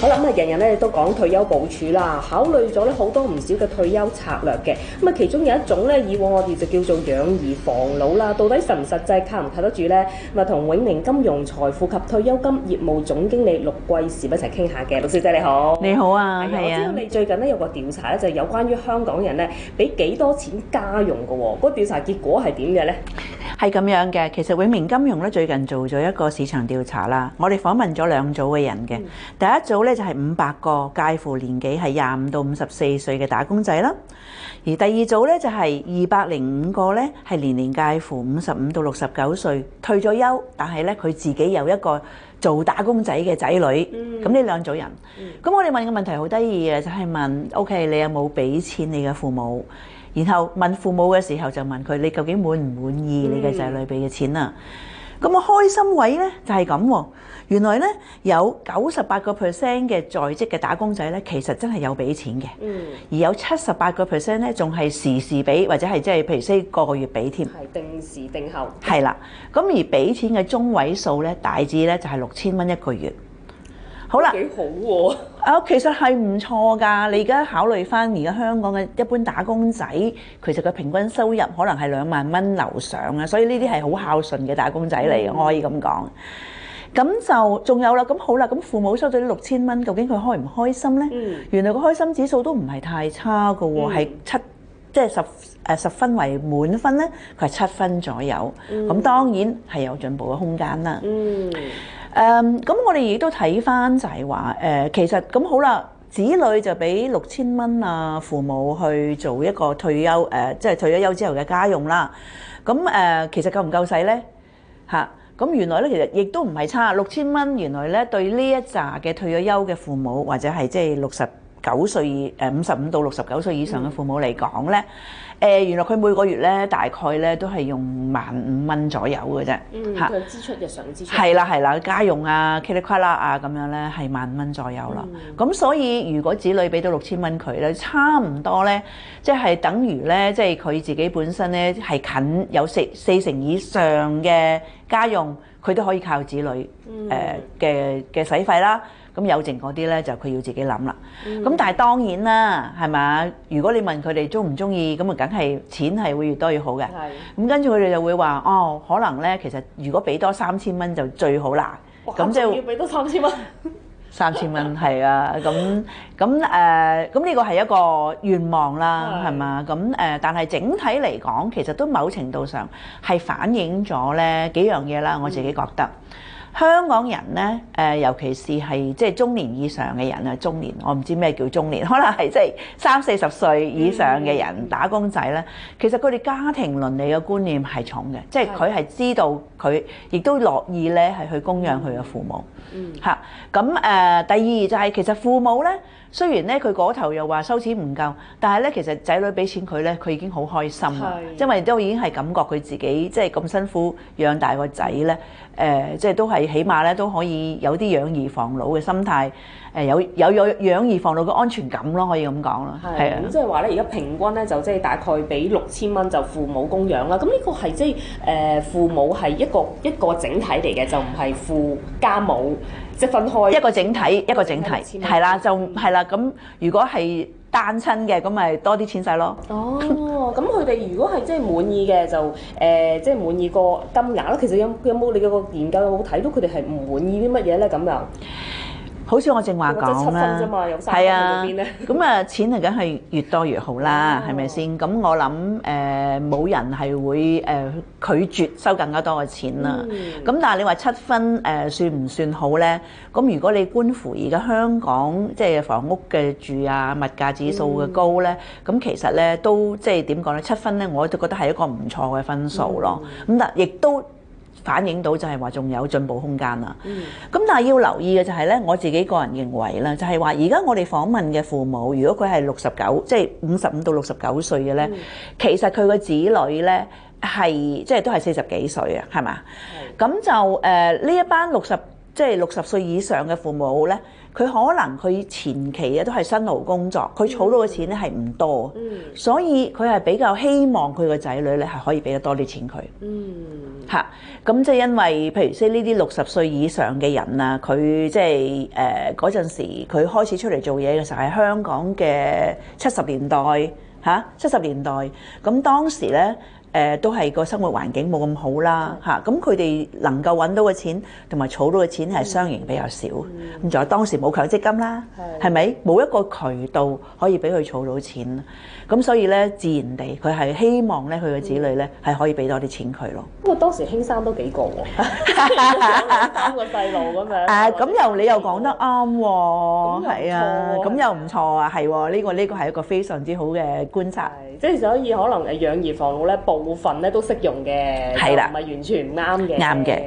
我諗啊，人人咧都講退休部署啦，考慮咗咧好多唔少嘅退休策略嘅。咁啊，其中有一種咧，以往我哋就叫做養兒防老啦。到底實唔實際靠唔靠得住咧？咁啊，同永明金融財富及退休金業務總經理陸季蟬一齊傾下嘅，陸小姐你好，你好啊，係啊、哎。我知道你最近咧有個調查咧，就係有關於香港人咧俾幾多錢家用嘅喎、哦。嗰個調查結果係點嘅咧？係咁樣嘅，其實永明金融咧最近做咗一個市場調查啦。我哋訪問咗兩組嘅人嘅，第一組咧就係五百個介乎年紀係廿五到五十四歲嘅打工仔啦，而第二組咧就係二百零五個咧係年年介乎五十五到六十九歲，退咗休，但係咧佢自己有一個。做打工仔嘅仔女，咁呢兩組人，咁、嗯、我哋問嘅問題好得意嘅，就係、是、問：O.K. 你有冇俾錢你嘅父母？然後問父母嘅時候就問佢：你究竟滿唔滿意你嘅仔女俾嘅錢啊？嗯咁啊，開心位咧就係咁喎。原來咧有九十八個 percent 嘅在職嘅打工仔咧，其實真係有俾錢嘅。嗯，而有七十八個 percent 咧，仲係時時俾或者係即係譬如 say 個個月俾添。係定時定候。係啦，咁而俾錢嘅中位數咧，大致咧就係六千蚊一個月。好啦，幾好喎！啊，其實係唔錯噶。你而家考慮翻而家香港嘅一般打工仔，其實佢平均收入可能係兩萬蚊樓上啊，所以呢啲係好孝順嘅打工仔嚟嘅，我、嗯、可以咁講。咁就仲有啦，咁好啦，咁父母收咗六千蚊，究竟佢開唔開心呢？嗯、原來個開心指數都唔係太差嘅喎，係、嗯、七，即、就、係、是、十，誒十分為滿分呢。佢係七分左右。咁、嗯、當然係有進步嘅空間啦。嗯。誒咁，um, 我哋亦都睇返就係話，誒、呃、其實咁好啦，子女就俾六千蚊啊，父母去做一個退休，誒、呃、即係退咗休之後嘅家用啦。咁、嗯、誒、呃，其實夠唔夠使咧？嚇、啊，咁原來咧，其實亦都唔係差，六千蚊原來咧對呢一紮嘅退咗休嘅父母或者係即係六十。九歲，誒五十五到六十九歲以上嘅父母嚟講咧，誒、嗯呃、原來佢每個月咧大概咧都係用萬五蚊左右嘅啫，嚇、嗯啊、支出，日常支出係啦係啦，家用啊、嘰哩呱啦啦啊咁樣咧，係萬五蚊左右啦。咁、嗯、所以如果子女俾到六千蚊佢咧，差唔多咧，即、就、係、是、等於咧，即係佢自己本身咧係近有四四成以上嘅家用，佢都可以靠子女誒嘅嘅使費啦，咁有剩嗰啲咧就佢要自己諗啦。咁、嗯、但係當然啦，係咪？如果你問佢哋中唔中意，咁啊梗係錢係會越多越好嘅。咁係跟住佢哋就會話：哦，可能咧，其實如果俾多三千蚊就最好啦。咁即係要俾多三千蚊，三千蚊係啊，咁。嗯 咁誒，咁呢個係一個願望啦，係嘛？咁誒，但係整體嚟講，其實都某程度上係反映咗咧幾樣嘢啦。我自己覺得香港人咧，誒，尤其是係即係中年以上嘅人啊，中年，我唔知咩叫中年，可能係即係三四十歲以上嘅人，打工仔咧，其實佢哋家庭倫理嘅觀念係重嘅，即係佢係知道佢亦都樂意咧係去供養佢嘅父母。嗯，嚇，咁誒，第二就係其實父母咧。雖然咧佢嗰頭又話收錢唔夠，但係咧其實仔女俾錢佢咧，佢已經好開心啦。的因為都已經係感覺佢自己即係咁辛苦養大個仔咧，誒即係都係起碼咧都可以有啲養兒防老嘅心態，誒有有有養兒防老嘅安全感咯，可以咁講咯。係啊，即係話咧，而家平均咧就即係大概俾六千蚊就父母供養啦。咁呢個係即係誒父母係一個一個整體嚟嘅，就唔係父加母，即分開一個整體，一個整體，係啦，就係啦。咁如果係單親嘅，咁咪多啲錢使咯。哦，咁佢哋如果係即係滿意嘅，就誒、呃、即係滿意個金額咯。其實有有冇你個研究有冇睇到佢哋係唔滿意啲乜嘢咧？咁樣？好似我正話講啦，係啊，咁啊錢嚟梗係越多越好啦，係咪先？咁我諗誒冇人係會誒、呃、拒絕收更加多嘅錢啦。咁、嗯、但係你話七分誒、呃、算唔算好咧？咁如果你觀乎而家香港即係房屋嘅住啊物價指數嘅高咧，咁、嗯、其實咧都即係點講咧？七分咧我都覺得係一個唔錯嘅分數咯。咁、嗯、但亦都，反映到就係話仲有進步空間啦。咁、嗯、但係要留意嘅就係咧，我自己個人認為啦，就係話而家我哋訪問嘅父母，如果佢係六十九，即係五十五到六十九歲嘅咧，其實佢嘅子女咧係即係都係四十幾歲啊，係嘛？咁的就誒呢、呃、一班六十。即係六十歲以上嘅父母咧，佢可能佢前期啊都係辛勞工作，佢儲到嘅錢咧係唔多，所以佢係比較希望佢個仔女咧係可以俾得多啲錢佢。嚇、嗯，咁即係因為譬如即係呢啲六十歲以上嘅人啊，佢即係誒嗰陣時佢開始出嚟做嘢嘅時候係香港嘅七十年代嚇，啊、七十年代咁當時咧。誒都係個生活環境冇咁好啦，嚇，咁佢哋能夠揾到嘅錢同埋儲到嘅錢係相形比較少，咁仲有當時冇強積金啦，係咪冇一個渠道可以俾佢儲到錢？咁所以咧自然地佢係希望咧佢嘅子女咧係可以俾多啲錢佢咯。不過當時輕生都幾個喎，三個細路咁樣。誒，咁又你又講得啱喎，係啊，咁又唔錯啊，係喎，呢個呢個係一個非常之好嘅觀察。即係所以可能誒養兒防老咧，部分咧都適用嘅，唔係的完全唔啱嘅。啱嘅的，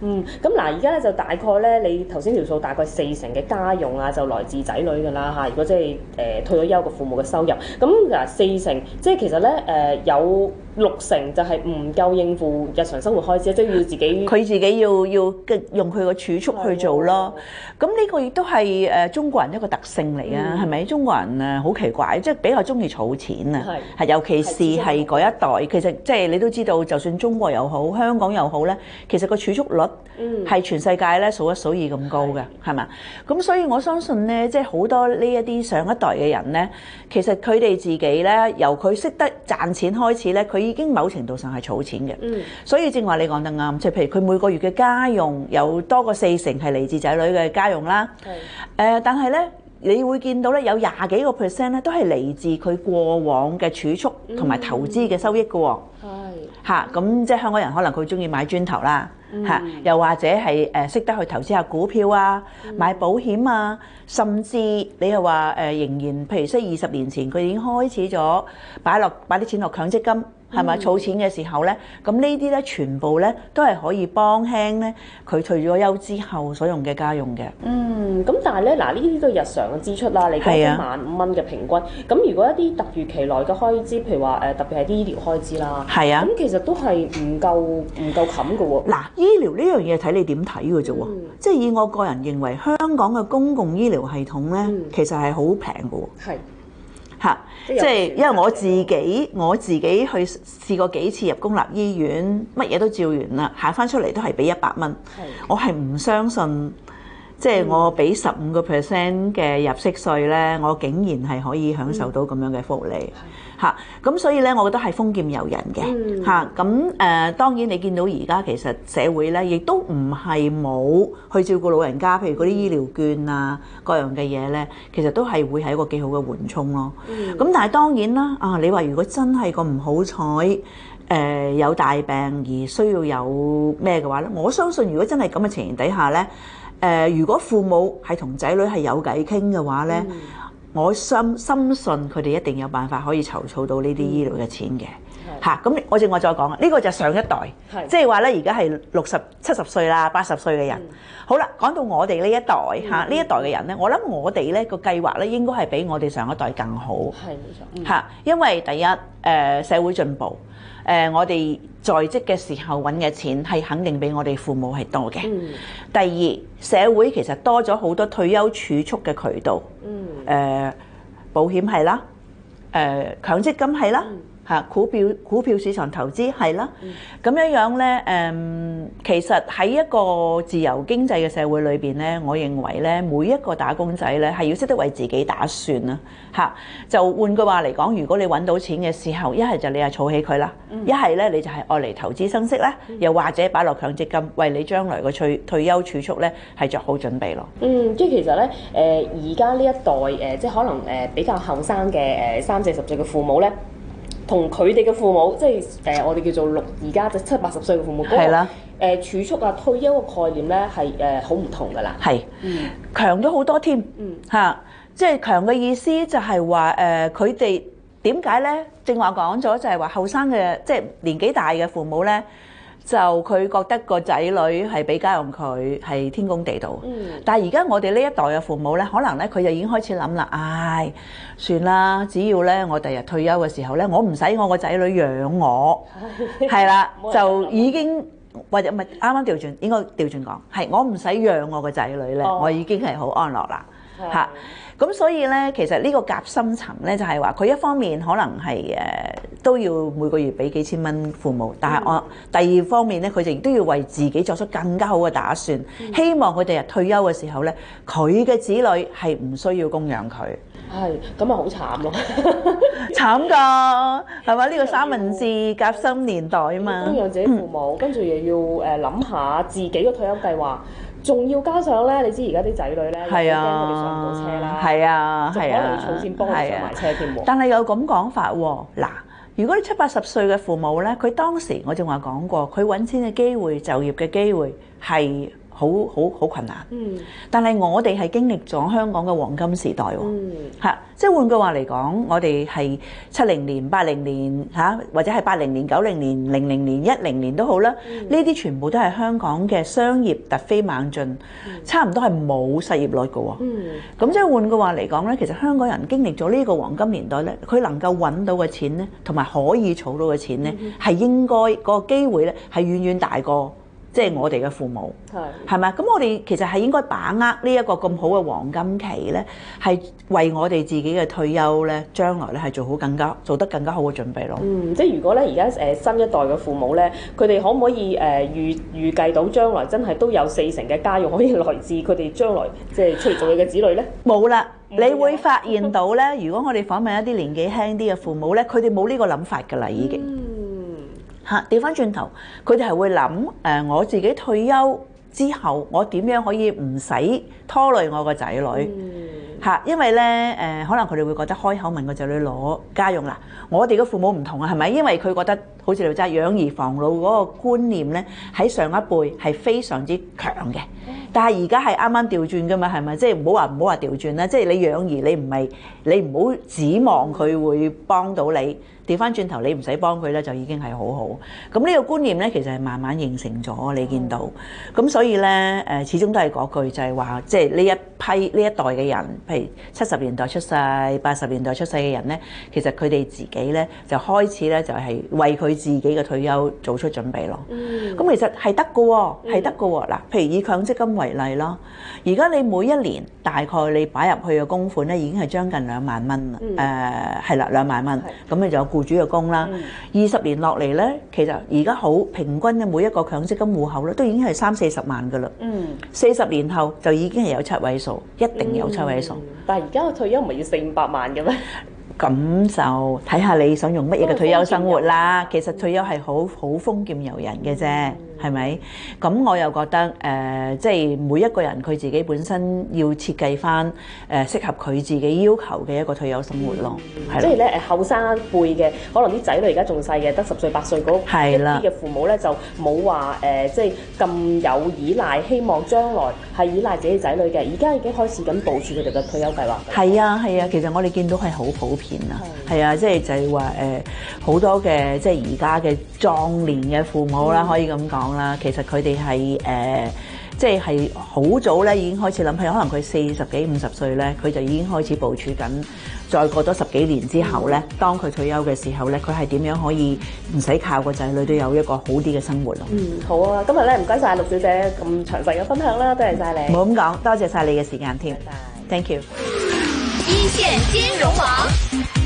嗯，咁嗱，而家咧就大概咧，你頭先條數大概四成嘅家用啊，就來自仔女噶啦吓，如果即係誒退咗休嘅父母嘅收入，咁嗱四成，即係其實咧誒有。六成就係唔夠應付日常生活開支，即係要自己佢自己要要用佢個儲蓄去做咯。咁呢個亦都係誒中國人一個特性嚟啊，係咪、嗯？中國人啊好奇怪，即係比較中意儲錢啊，係尤其是係嗰一代。其實即係你都知道，就算中國又好，香港又好咧，其實個儲蓄率係全世界咧數一數二咁高嘅，係嘛？咁所以我相信咧，即係好多呢一啲上一代嘅人咧，其實佢哋自己咧，由佢識得賺錢開始咧，佢。已經某程度上係儲錢嘅，嗯、所以正話你講得啱，即譬如佢每個月嘅家用有多過四成係嚟自仔女嘅家用啦。誒是、呃，但係咧，你會見到咧有廿幾個 percent 咧，都係嚟自佢過往嘅儲蓄同埋投資嘅收益嘅喎。嗯嗯。係。嚇，咁即係香港人可能佢中意買磚頭啦，嚇、嗯，又或者係誒識得去投資下股票啊、嗯、買保險啊，甚至你又話誒仍然，譬如即二十年前佢已經開始咗擺落擺啲錢落強積金，係咪儲錢嘅時候咧？咁呢啲咧全部咧都係可以幫輕咧佢退咗休之後所用嘅家用嘅。嗯，咁但係咧嗱，呢啲都係日常嘅支出啦。你講一萬五蚊嘅平均，咁的如果一啲突如其來嘅開支，譬如話誒特別係啲醫療開支啦。係啊，咁、嗯、其實都係唔夠唔夠冚噶喎。嗱，醫療呢樣嘢睇你點睇嘅啫喎。嗯、即係以我個人認為，香港嘅公共醫療系統咧，嗯、其實係好平嘅。係，嚇，即係因為我自己我自己去試過幾次入公立醫院，乜嘢都照完啦，行返出嚟都係俾一百蚊。的我係唔相信，即係我俾十五個 percent 嘅入息稅咧，嗯、我竟然係可以享受到咁樣嘅福利，嚇。咁所以咧，我覺得係豐儉由人嘅嚇。咁誒、嗯啊呃，當然你見到而家其實社會咧，亦都唔係冇去照顧老人家，譬如嗰啲醫療券啊，各樣嘅嘢咧，其實都係會係一個幾好嘅緩衝咯。咁、嗯啊、但係當然啦，啊，你話如果真係個唔好彩誒有大病而需要有咩嘅話咧，我相信如果真係咁嘅情形底下咧，誒、呃、如果父母係同仔女係有偈傾嘅話咧。嗯我深深信佢哋一定有辦法可以籌措到呢啲醫療嘅錢嘅，嚇咁我正我再講啊，呢、這個就係上一代，的即係話咧，而家係六十七十歲啦、八十歲嘅人。嗯、好啦，講到我哋呢一代嚇，呢、啊嗯、一代嘅人咧，我諗我哋咧、這個計劃咧應該係比我哋上一代更好，係冇錯嚇，因為第一誒、呃、社會進步。誒、呃，我哋在職嘅時候揾嘅錢係肯定比我哋父母係多嘅。嗯、第二，社會其實多咗好多退休儲蓄嘅渠道，誒、嗯呃，保險係啦，誒、呃，強積金係啦。嗯嚇，股票、股票市場投資係啦，咁樣樣咧誒，其實喺一個自由經濟嘅社會裏邊咧，我認為咧每一個打工仔咧係要識得為自己打算啦。嚇，就換句話嚟講，如果你揾到錢嘅時候，一係就你係儲起佢啦，一係咧你就係愛嚟投資生息啦，又或者擺落強積金，為你將來嘅退退休儲蓄咧係做好準備咯。嗯，即係其實咧誒，而家呢一代誒，即係可能誒比較後生嘅誒三四十歲嘅父母咧。同佢哋嘅父母，即係誒我哋叫做六而家即七八十歲嘅父母，係啦，誒儲蓄啊退休嘅概念咧係誒好唔同㗎喇，係是，嗯、強咗好多添，嚇、嗯啊，即係強嘅意思就係話誒佢哋點解咧？正話講咗就係話後生嘅即係年紀大嘅父母咧。就佢覺得個仔女係俾家用佢係天公地道，嗯、但係而家我哋呢一代嘅父母咧，可能咧佢就已經開始諗啦，唉、哎，算啦，只要咧我第日退休嘅時候咧，我唔使我個仔女養我，係啦 了， 就已經 或者唔係啱啱調轉，應該調轉講，係我唔使養我個仔女咧，哦、我已經係好安樂啦。吓！咁所以咧，其實個呢個夾心層咧，就係話佢一方面可能係誒都要每個月俾幾千蚊父母，但係我、嗯、第二方面咧，佢亦都要為自己作出更加好嘅打算，嗯、希望佢哋日退休嘅時候咧，佢嘅子女係唔需要供養佢。係、哎，咁咪好慘咯！慘 噶，係咪？呢、這個三文治夾心年代啊嘛，供養自己父母，嗯、跟住又要誒諗下自己嘅退休計劃。仲要加上咧，你知而家啲仔女咧，又驚佢哋上唔到車啦，就啊，啊就可能要儲錢幫你上埋車添喎。啊、但係有咁講法喎、啊，嗱，如果你七八十歲嘅父母咧，佢當時我正話講過，佢揾錢嘅機會、就業嘅機會係。好好好困難，嗯、但係我哋係經歷咗香港嘅黃金時代喎，嚇、嗯，即係換句話嚟講，我哋係七零年、八零年嚇，或者係八零年、九零年、零零年、一零年，年，年都好啦，呢啲、嗯、全部都係香港嘅商業突飛猛進，嗯、差唔多係冇勢業內嘅冇失業率嘅喎，咁即係換句話嚟講咧，其實香港人經歷咗呢個黃金年代咧，佢能夠揾到嘅錢咧，同埋可以儲到嘅錢咧，係、嗯、哼應該、嗰個機會咧，係遠遠大過。即係我哋嘅父母，係係咪啊？咁我哋其實係應該把握呢一個咁好嘅黃金期咧，係為我哋自己嘅退休咧，將來咧係做好更加做得更加好嘅準備咯。嗯，即係如果咧而家誒新一代嘅父母咧，佢哋可唔可以誒預、呃、預計到將來真係都有四成嘅家用可以來自佢哋將來即係出嚟做嘢嘅子女咧？冇啦了，嗯、你會發現到咧， 如果我哋訪問一啲年紀輕啲嘅父母咧，佢哋冇呢個諗法㗎啦，已經。嗯嚇，調返轉頭，佢哋係會諗，誒、呃、我自己退休之後，我點樣可以唔使拖累我個仔女？嚇、嗯，因為咧，誒、呃、可能佢哋會覺得開口問個仔女攞家用啦。我哋嘅父母唔同啊，係咪？因為佢覺得好似你話齋養兒防老嗰個觀念咧，喺上一輩係非常之強嘅。但係而家係啱啱調轉㗎嘛，係咪？即係唔好話唔好話調轉啦。即、就、係、是、你養兒，你唔係你唔好指望佢會幫到你。調翻轉頭，你唔使幫佢咧，就已經係好好。咁呢個觀念咧，其實係慢慢形成咗。你見到，咁所以咧，誒，始終都係嗰句，就係、是、話，即係呢一批呢一代嘅人，譬如七十年代出世、八十年代出世嘅人咧，其實佢哋自己咧就開始咧就係為佢自己嘅退休做出準備咯。咁、嗯、其實係得嘅喎，係得嘅喎。嗱、嗯，譬如以強積金為例咯，而家你每一年大概你擺入去嘅供款咧，已經係將近兩萬蚊啦。誒、嗯，係啦、呃，兩萬蚊。咁你就僱主嘅工啦，二十年落嚟呢，其實而家好平均嘅每一個強積金戶口咧，都已經係三四十萬噶啦。嗯，四十年後就已經係有七位數，一定有七位數。嗯，但係而家嘅退休唔係要四五百萬嘅咩？咁就睇下你想用乜嘢嘅退休生活啦。其實退休係好好豐儉由人嘅啫。嗯係咪？咁我又覺得誒，即係每一個人佢自己本身要設計翻誒適合佢自己要求嘅一個退休生活咯。即係咧誒，後生輩嘅可能啲仔女而家仲細嘅，得十歲八歲嗰一啲嘅父母咧，就冇話誒，即係咁有依賴，希望將來係依賴自己仔女嘅。而家已經開始咁部署佢哋嘅退休計劃。係啊，係啊，其實我哋見到係好普遍啊。係啊，即係就係話誒，好多嘅即係而家嘅壯年嘅父母啦，可以咁講。啦，其實佢哋係誒，即係係好早咧已經開始諗起，可能佢四十幾五十歲咧，佢就已經開始部署緊。再過多十幾年之後咧，嗯、當佢退休嘅時候咧，佢係點樣可以唔使靠個仔女，都有一個好啲嘅生活咯。嗯，好啊，今日咧唔該晒陸小姐咁詳細嘅分享啦，多謝晒你。冇咁講，多謝晒你嘅時間添。Thank you 拜拜。謝謝。